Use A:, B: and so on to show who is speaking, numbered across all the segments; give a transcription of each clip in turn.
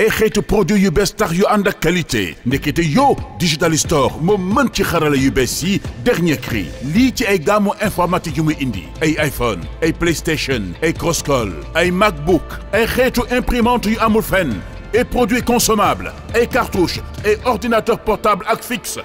A: ay xeetu produit yu bees tax yu ànd ak qualité ndekete yow digital store moo mën ci xarala yu bees yi dernier cri lii ci ay gamme informatique yu muy indi ay iPhone ay PlayStation ay Crosscall ay MacBook ay xeetu imprimante yu amul fenn et produits consommables ay cartouches et ordinateur portable ak fixe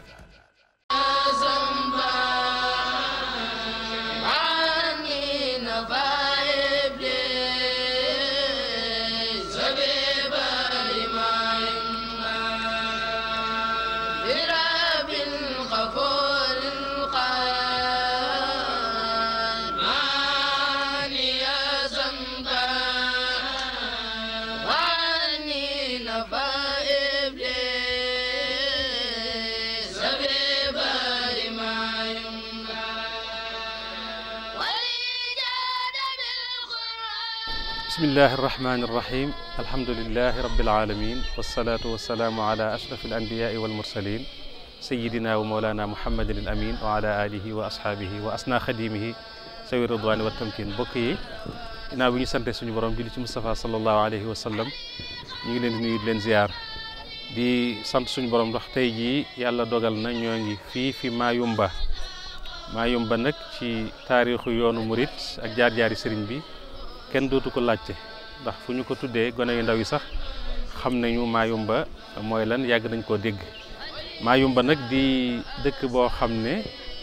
B: bismillahi irrahmani irrahim alhamdulilahi rabilalamin walsalaatu walsalaamu ala ashraf alanbiyaai walmursalin sayidina wa moolana muhammadin al amin wa ala alihi wa ashaabihi wa asna xadimihi sawi ridwaani wa tamkin bokk yi ginnaaw bi ñu sante suñu borom julli ci Moustapha sallallahu alayhi wa sallam ñu ngi leen di nuyu di leen ziyaar di sant suñu borom ndax tey jii yàlla dogal na ñoo ngi fii fi Mayumba Mayumba nag ci taarixu yoonu murit ak jaar-jaari sëriñ bi kenn dootu ko laajte ndax fu ñu ko tuddee gone yu ndaw yi sax xam nañu Mayumba mooy lan yàgg nañ koo dégg Mayumba nag di dëkk boo xam ne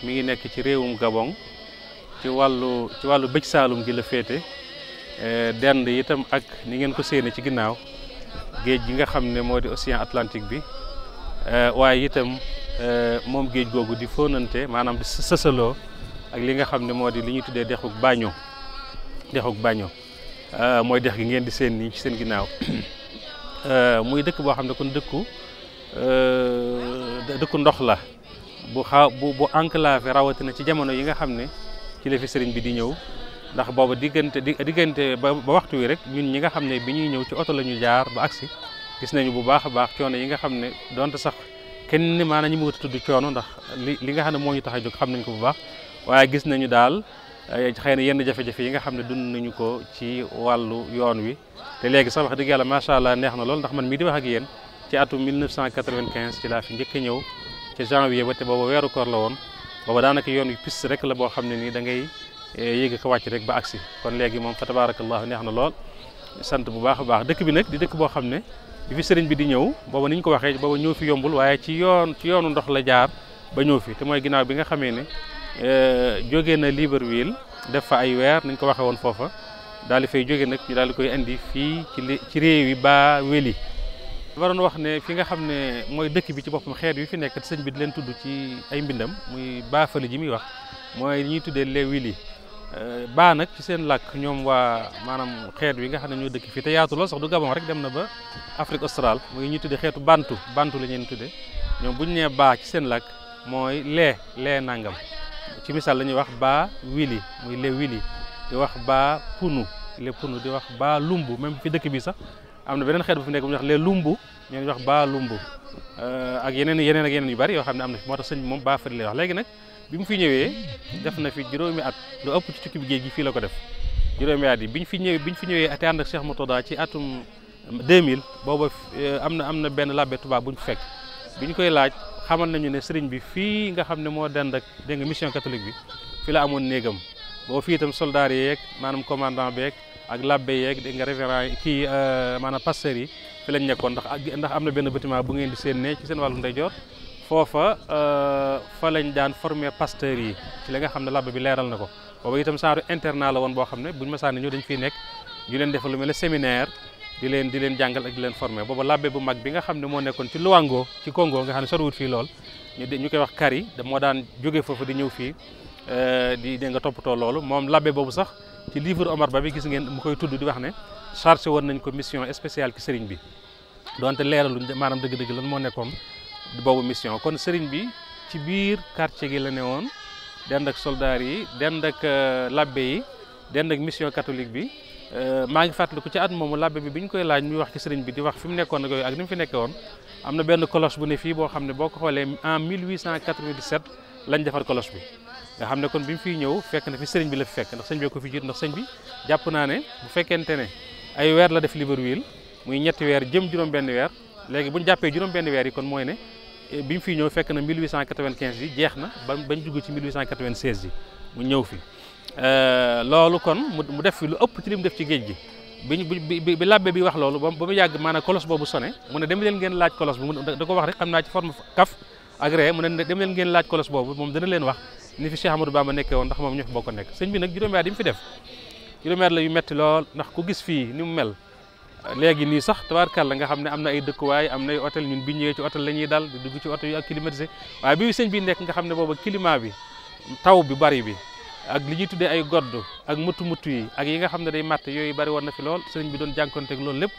B: mu ngi nekk ci réewum Gabon ci wàllu ci wàllu bëj saalum gi la féete eh, dend itam ak ni ngeen ko séene ci ginnaaw géej gi nga xam ne moo di océan Atlantique bi eh, waaye itam eh, moom géej googu di fóonante maanaam di sësaloo ak li nga xam ne moo di li ñuy tuddee dexu baañoo dexuk Bagno euh, mooy dex gi ngeen di seen nii ci seen ginnaaw euh, muy dëkk boo xam ne kon dëkku euh, dëkku ndox la bu xaw bu bu enclavé rawatina ci jamono yi nga xam ne ci la fi sëriñ bi di ñëw ndax booba diggante diggante ba waxtu wi rek ñun ñi nga xam ne bi ñuy ñëw ci oto la ñu jaar ba agsi gis nañu bu baax a baax coono yi nga xam ne dont sax kenn maanaam ñi mu wut tudd coono ndax li li nga xam ne moo ñu tax a jóg xam nañ ko bu baax waaye gis nañu daal xëy na yenn jafe-jafe yi nga xam ne dund nañu ko ci wàllu yoon wi te léegi sax wax dëgg yàlla macha allah neex na lool ndax man mii di wax ak yéen ci atum 1995 ci laa fi njëkk a ñëw ci janvier ba te booba weeru koor la woon booba daanaka yoon wi piste rek la boo xam ne nii dangay ngay eh, yéegi ko wàcc rek ba agsi kon léegi moom fa tabarakallahu neex na lool sant bu baax a baax dëkk bi nag di dëkk boo xam ne bi fi sëriñ bi di ñëw booba ni ñu ko waxee booba ñëw fi yombul waaye ci yoon ci yoonu ndox la jaar ba ñëw fi mooy ginnaaw bi nga xamee ne Eh, jóge na Libreville def fa ay weer nañ ko waxee woon foofa daal di fay jóge nag ñu daal di koy indi fii ci ci réew yi baa weli waroon wax ne fi nga xam ne mooy dëkk bi ci boppam xeet wi fi nekk te sëñ bi di leen tudd ci ay mbindam muy baafali ji muy wax mooy ñuy tuddee les wili eh, baa nag ci seen làkk ñoom waa maanaam xeet wi nga xam ne ñoo dëkk fii te yaatu lool sax du Gabon rek dem na ba Afrique australe muy ñuy tuddee xeetu bantu bantu la ñeen tudde ñoom bu ñu nee baa ci seen làkk mooy lee lee nangam ci misaal la ñuy wax baa wili muy le wili di wax baa punu le punu di wax baa lumbu même fi dëkk bi sax am na beneen xeet bu fi nekk bu ñuy wax le lumbu ñoo wax baa lumbu euh, ak yeneen yeneen ak yeneen yu bari yoo xam ne am na moo tax sëñ moom baa fari lay wax léegi nag bi mu fi ñëwee def na fi juróomi at lu ëpp ci tukki bi géej gi fii la ko def juróomi at yi biñ fi ñëwee biñ fi ñëwee te ànd ak Cheikh Mourtada ci atum mille booba euh, am na am na benn labbe bu ñu fekk bi ñu koy laaj xamal nañu ne sëriñ bi fii nga xam ne moo dend ak dégg nga mission catholique bi fi la amoon néegam boo fii itam soldaar yeeg maanaam commandant beeg ak labbe yeeg dégg nga révérend kii euh, maanaam pasteur yi fi lañ nekkoon ndax ndax am na benn bâtiment bu ngeen di seen ne ci seen wàllu ndeyjoor foofa euh, fa lañ daan former pasteur yi ci li nga xam ne labbe bi leeral na ko booba itam saaru internat la woon boo xam ne buñ buñu masaane ñu dañ fiy nekk ñu leen defal lu mel ne séminaire di leen di leen jàngal ak leen formé booba labbe bu mag bi nga xam ne moo nekkoon ci Luwango ci Congo nga xam ne soriwut fii lool ñu ñu koy wax kari moo daan jóge foofu di ñëw fii euh, di dégg nga toppatoo loolu moom labbe boobu sax ci livre Omar Ba bi gis ngeen mu koy tudd di wax ne chargé woon nañ ko mission spéciale ci sëriñ bi donte leeraluñ maanaam dëgg-dëgg lan moo nekkoon boobu mission kon sëriñ bi ci biir quartier gi la ne woon dend ak soldaar yi dend ak euh, labbe yi dend ak mission catholique bi Euh, maa ngi fàttaliku ci at moomu labbe bi bi ñu koy laaj muy wax ci sëriñ bi di wax fi mu nekkoon ak yooyu ni mu fi nekkee woon am na benn cloche bu ne fii boo xam ne boo ko xoolee en 1897 lañ defar cloche bi nga xam ne kon bi mu fiy fekk na fi sëriñ bi la fi fekk ndax sëñ ko fi jiit ndax jàpp naa ne bu fekkente ne ay weer la def Libreville muy ñetti weer jëm juróom-benn weer léegi bu ñu jàppee juróom-benn weer yi kon mooy ne eh, bi mu fiy ñëw fekk na 1895 yi jeex na ba bañ dugg ci 1896 yi mu ñëw fi Euh, loolu kon mu def fi lu ëpp ci li mu def ci géej gi biñ bi bi labbe bi wax loolu ba mu yàgg maanaam kolos boobu sone mu ne dem leen ngeen laaj kolos boobu moom dana leen wax ni fi Cheikh Amadou Bamba nekkee woon ndax moom ñoo fi bokk nekk sëñ bi nag juróomi at yi mu fi def juróomi at la yu metti lool ndax ku gis fii ni mu mel léegi nii sax tabaarkàlla nga xam ne am na ay dëkkuwaay am na ay ñun bi ñëwee ci hôtel la ñuy dal di dugg ci hôtel yu ak climatisé bi sëñ nga xam ne booba climat bi taw bi bari bi ak li ñuy tuddee ay godd ak mëttu mëttu yi ak yi nga xam ne day matt yooyu bari woon na fi lool sëriñ bi doon jànkonteeg loolu lépp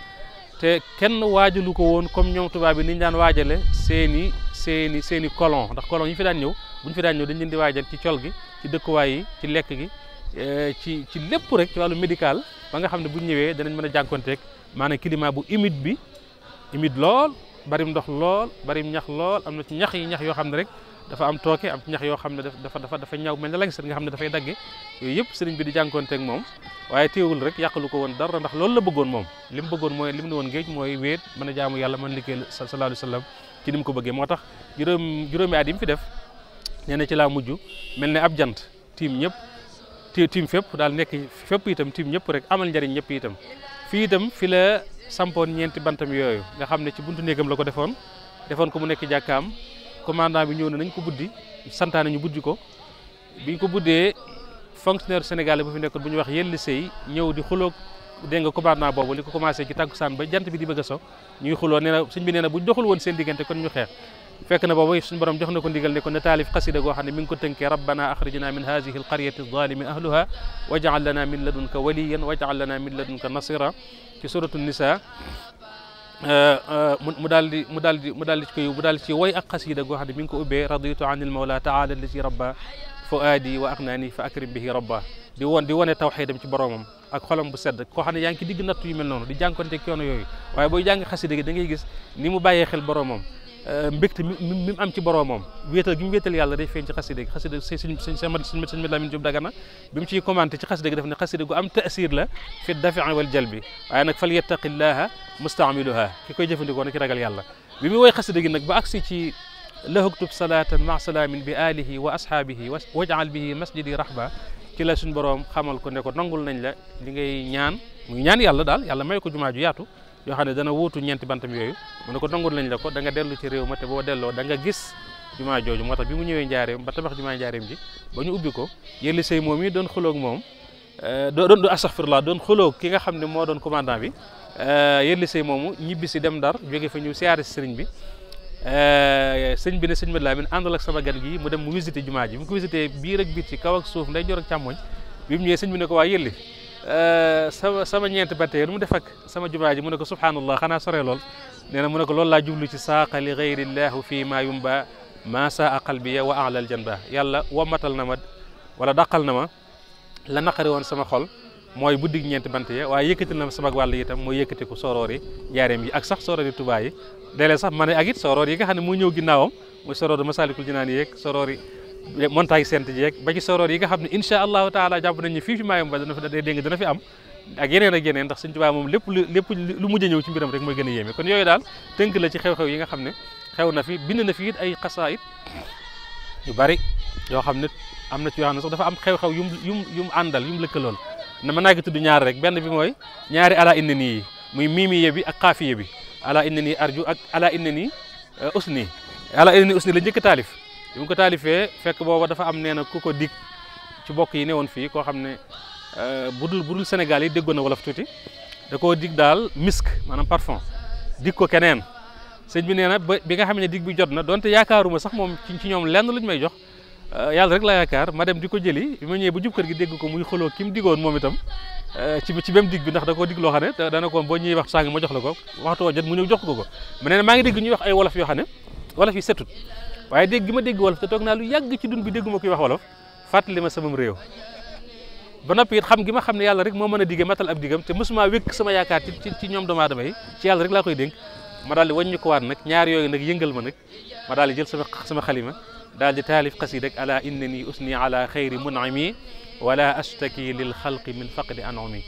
B: te kenn waajalu ko woon comme ñoom tubaab bi ni ñu daan waajale seeni seeni seeni colon ndax colon yi fi daan ñëw bu ñu fi daan ñëw dañ leen di waajal ci col gi ci dëkkuwaay yi ci lekk gi eh, ci ci lépp rek ci wàllu médical ba nga xam ne bu ñëwee danañ mën a jànkonteeg maanaam climat bu humide bi humide lool barim ndox lool barim ñax lool am na ci ñax yi ñax yoo xam ne rek dafa am tooke am ñax yoo xam ne dafa dafa dafa ñaw mel ne lañ seen nga xam ne dafay dagge yooyu yëpp sëriñ bi di jànkoonteeg moom waaye téewul rek yàqalu ko woon dara ndax loolu la bëggoon moom li mu bëggoon mooy li mu ne woon géej mooy wéet mën a jaamu yàlla mën liggéeyal sallallahu alayhi sa sallam ci ni mu ko bëggee moo tax juróom juróomi at yi mu fi def nee na ci laa mujj mel ne ab jant tiim ñëpp tiim fépp daal nekk fépp itam tiim ñëpp rek amal njariñ ñëpp itam fii itam fi la sampoon ñeenti bantam yooyu nga xam ne ci buntu néegam la ko defoon defoon ko mu nekk jàkkaam commandant bi ñëw na nañ ko buddi santaane ñu buddi ko biñ ko buddee fonctionnaire sénégalais bu fi nekkoon bu ñu wax yelli sey ñëw di xuloog dégg nga commandant boobu li ko commencé ci tàggu saan ba jant bi di bëgg so ñuy xuloo nee na sëñ bi nee na bu ñu doxul woon seen diggante kon ñu xeex fekk na boobu suñu borom jox na ko ndigal ne ko na taalif xasida goo xam ne mi ngi ko tënkee rabbana axrijna min hadihi alqaryati alzalimi ahluha wajal min ladunka waliyan nasira ci suratu nisa euh, euh, mu daal di mu daal di mu daal di ci koy mu daal di ci woy ak xasida goo xam ne mi ngi ko ubbee raditu an il mawla taala allazi rabba fuaadi wa aqnaani fa akrim bihi rabba di woon di wone tawxiidam ci boromam ak xolam bu sedd koo xam ne yaa ngi ci digg natt yu mel noonu di jànkonte ak yoonu yooyu waaye booy jàng xasida gi da ngay gis ni mu bàyyee xel boromam Euh, mbégte mi mi am ci boroomam wéetal gi mu wéetal yàlla day feeñ ci xasida gi xasida sëñ sëñ sëñ Lamine Dagana bi mu ciy ci xasida gi daf ne xasida taasir la fi dafi wal jalbi waaye nag fal yattaqillaha mustaamiluha ki koy jëfandikoo na ci ragal yàlla bi mu woy xasida gi nag ba ma salaamin bi alihi wa ashaabihi wajal bihi masjidi rahba ci la suñ boroom xamal ko ne ko nangul nañ la li ngay ñaan muy ñaan yàlla daal yàlla may ko jumaa yaatu yoo xam ne dana wuutu ñeenti bantam yooyu mu ne ko dongul lañ la ko da nga dellu ci réew ma te boo delloo da nga gis jumaa jooju moo tax bi mu ñëwee njaareem ba tabax jumaa njaareem ji ba ñu ubbi ko yëlli sëy moom yi doon xuloog moom euh, doon astaghfirullah doon xuloog ki nga xam ne moo doon commandant bi euh, yëlli sëy moomu ñibbi si dem Ndar jóge fa ñu siyaare si sëriñ bi euh, sëñ bi ne sëñ Madu Lamin àndal ak sama gan gi mu dem mu visité jumaa ji mu ko visité biir ak biir ci kaw ak suuf nday jor ak càmmoñ bi mu ñëwee sëñ bi ne ko waa yëlli Euh, sama sama ñeenti battee lu mu def sama jubaa ji mu ne ko subhaanallah xanaa sore lool nee na mu ne ko loolu laa jublu ci saaqa li gayrillahu fii maa yumba maa saa qalbiya wa alal janba yàlla matal na ma wala daqal na ma la naqari woon sama xol mooy buddig ñeenti bant ya waaye yëkkati na sama wàll yi itam mooy yëkkati ko sooroor yi jaareem yi ak sax sooroor yi tubaa yi léeg sax ma ak it sooroor yi nga xam ne moo ñëw ginnaawam muy sooroor masaalikul jinaan yi yi montagne sent ji rek ba ci soroor yi nga xam ne incha allahu taala jàpp nañu fii fi maayam ba dana fi dégg nga dana fi am ak yeneen ak yeneen ndax moom lépp lu lépp lu mujj a ñëw ci mbiram rek mooy gën a yéeme kon yooyu daal tënk la ci xew-xew yi nga xam ne xew na fi bind na fi it ay xasaayit yu bari yoo xam ne am na ci yoo xam ne dafa am xew-xew yum yum yum àndal yum lëkkalool na ma naa ko tudd ñaar rek benn bi mooy ñaari ala inna nii muy miimiye bi ak xaafiye bi ala inna nii arju ak ala inna nii uh, usni ala inna nii usni la njëkk taalif bi mu ko taalifee fekk booba dafa am nee na ku ko dig ci bokk yi ne woon fii koo xam ne euh, bu dul bu dul Sénégal yi déggoon na wolof tuuti da koo digg daal misk maanaam parfum dig ko keneen sëñ bi nee na ba bi nga xam ne dig bi jot na donte yaakaaruma sax moom ci ñoom lenn lu may jox euh, yàlla rek la yaakaar ma dem di ko jëli bi ma ñëwee ba jub kër gi dégg ko muy xoloo ki mu digoon moom itam euh, ci ci même dig bi ndax da koo dig loo xam ne dana ko boo ñëwee wa sàng ma jox la ko waxtu jot mu ñëw jox ko ko ma ngi dégg ñuy wax ay wolof yoo xam ne wolof yi setut waaye dégg ma dégg wolof te toog naa lu yàgg ci dund bi dégguma koy wax wolof fàttali ma samam réew ba noppi it xam gi ma xam ne yàlla rek moo mën a diggee matal ab diggam te mosuma wékk sama yaakaar ci ci ñoom doomu aadama yi ci yàlla rek laa koy dénk ma daal di wàññi ko waat nag ñaar yooyu nag yëngal ma nag ma daal di jël sama sama xalima daal di taalif xasida rek ala innani usni ala xayri munami wala astaki lil xalqi min faqdi anumi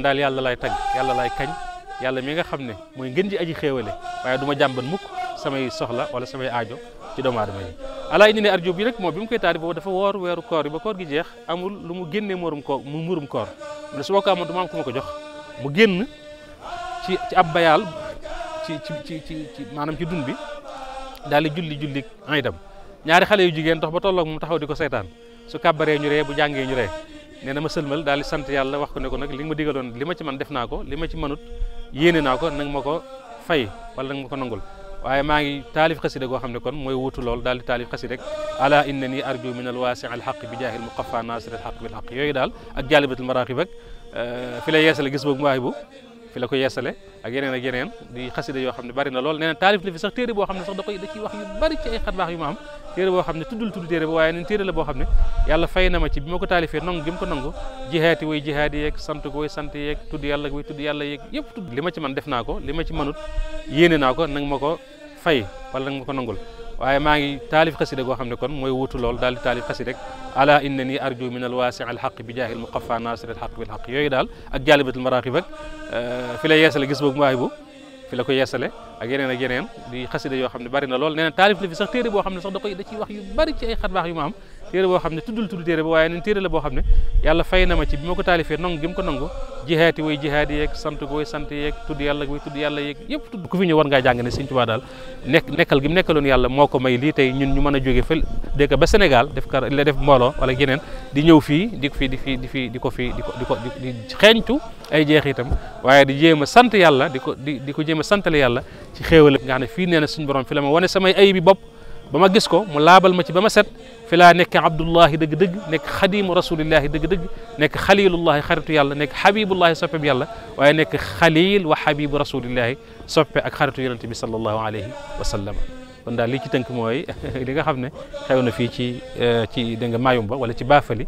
B: man daal yàlla laay tagg yàlla lay kañ yàlla mi nga xam ne mooy ngeen ji aji xéewale waaye du jàmban mukk samay soxla wala samay aajo ci doomu aadama yi alaa indi ne arjub bi nag moo bi mu koy taari boobu dafa woor weeru koor yi ba koor gi jeex amul lu mu génnee murum koor mu murum koor mu ne su ma ko amoon du ma am ku ma ko jox mu génn ci ci ab bayaal ci ci ci ci maanaam ci dun bi daal di julli julli ay dem ñaari xale yu jigéen dox ba tolloog mu taxaw nee na ma sëlmal daal di sant yàlla wax ko ne ko nag li nga ma digaloon li ma ci man def naa ko li ma ci manut yéene naa ko nag ma ko fay wala nag ma ko nangul waaye maa ngi taalif xasida goo xam ne kon mooy wuutu lool daal di taalif xasida rek ala innani arju min alwaasi alxaq bi jaahil muqafa nasir alxaq bil xaq yooyu daal ak jaalibatul maraqib ak eh, fi lay yeesal gis boobu mbaahi bu fi la ko yeesale ak yeneen ak yeneen di xasida yoo xam ne bari na lool nee na taalif na fi sax téere boo xam ne sax da koy da ciy wax yu bari ci ay xat baax yu am téere boo xam ne tuddul tudd téere ba waaye nen téere la boo xam ne yàlla fay na ma ci bi ma ko taalifee nong gi ma ko nangu jihaati way jihaati yeeg sant ko way sant yeeg tudd yàlla way tudd yàlla yeeg yëpp tudd li ma ci man def naa ko li ma ci manut yéene naa ko nanga ma ko fay wala nanga ma ko nangul waaye maa ngi taalif xasida goo xam ne kon mooy wutu lool daal di taalif xasida rek ala inna ni arju min al waasi al xaq bi jaahil muqafa nasir al xaq bil xaq yooyu daal ak jaalibatul maraaxib ak eh, fi la yeesale gis boog mu waay bu fi la ko yeesale ak yeneen a yeneen di xasida yoo xam ne bari na lool nee na taalif la fi sax téere boo xam ne sax da koy da ciy wax yu bari ci ay xat baax yu ma am téere boo xam ne tuddul tudd téere ba waaye neen téere la boo xam ne yàlla fay na ma ci bi ma ko taalifee nangu gi mu ko nangu jihaati way jihaati yeeg sant ko way sant yeeg tudd yàlla way tudd yëpp tudd ku fi ñëw war ngaa jàng ne Sëñ Tuubaa daal nekk nekkal gi mu nekkaloon yàlla moo ko may lii tey ñun ñu mën a jóge fël dëkk ba def kar la def mbooloo di ñëw fii di ko fii di fii di fii di ko fii di ko di ko di xeeñtu ay jeexitam waaye di jéem a sant yàlla di ko di di ko jéem santale yàlla ci xéewal ne na suñu borom la ma wane samay ayibi bopp ba ma gis ko mu laabal ma ci ba ma set fi laa nekk abdullahi dëgg-dëgg nekk xadimu rasulillahi dëgg-dëgg nekk xalilullahi xaritu yàlla nekk xabibullahi soppe bi yàlla waaye nekk xalil wa xabibu rasulillahi soppe ak xaritu yonente bi sallallahu alayhi wa sallam kon daal li ci tënk mooy li nga xam ne xew na fii ci eh, ci dégg nga Mayumba wala ci Baafali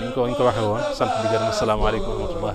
B: ni ñu ko ni ñu ko waxee woon sant di gërëm asalaamaaleykum wa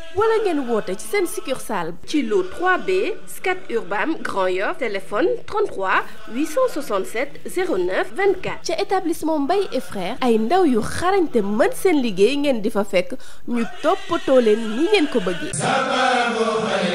A: wala ngeen woote ci seen succursale ci lu 3B Scat Urbam Grand Yoff téléphone 33 867 09 24 ca établissement Mbaye et frères ay ndaw yu xarañ te mën seen liggéey ngeen di fa fekk ñu toppatoo leen ni ngeen ko bëggee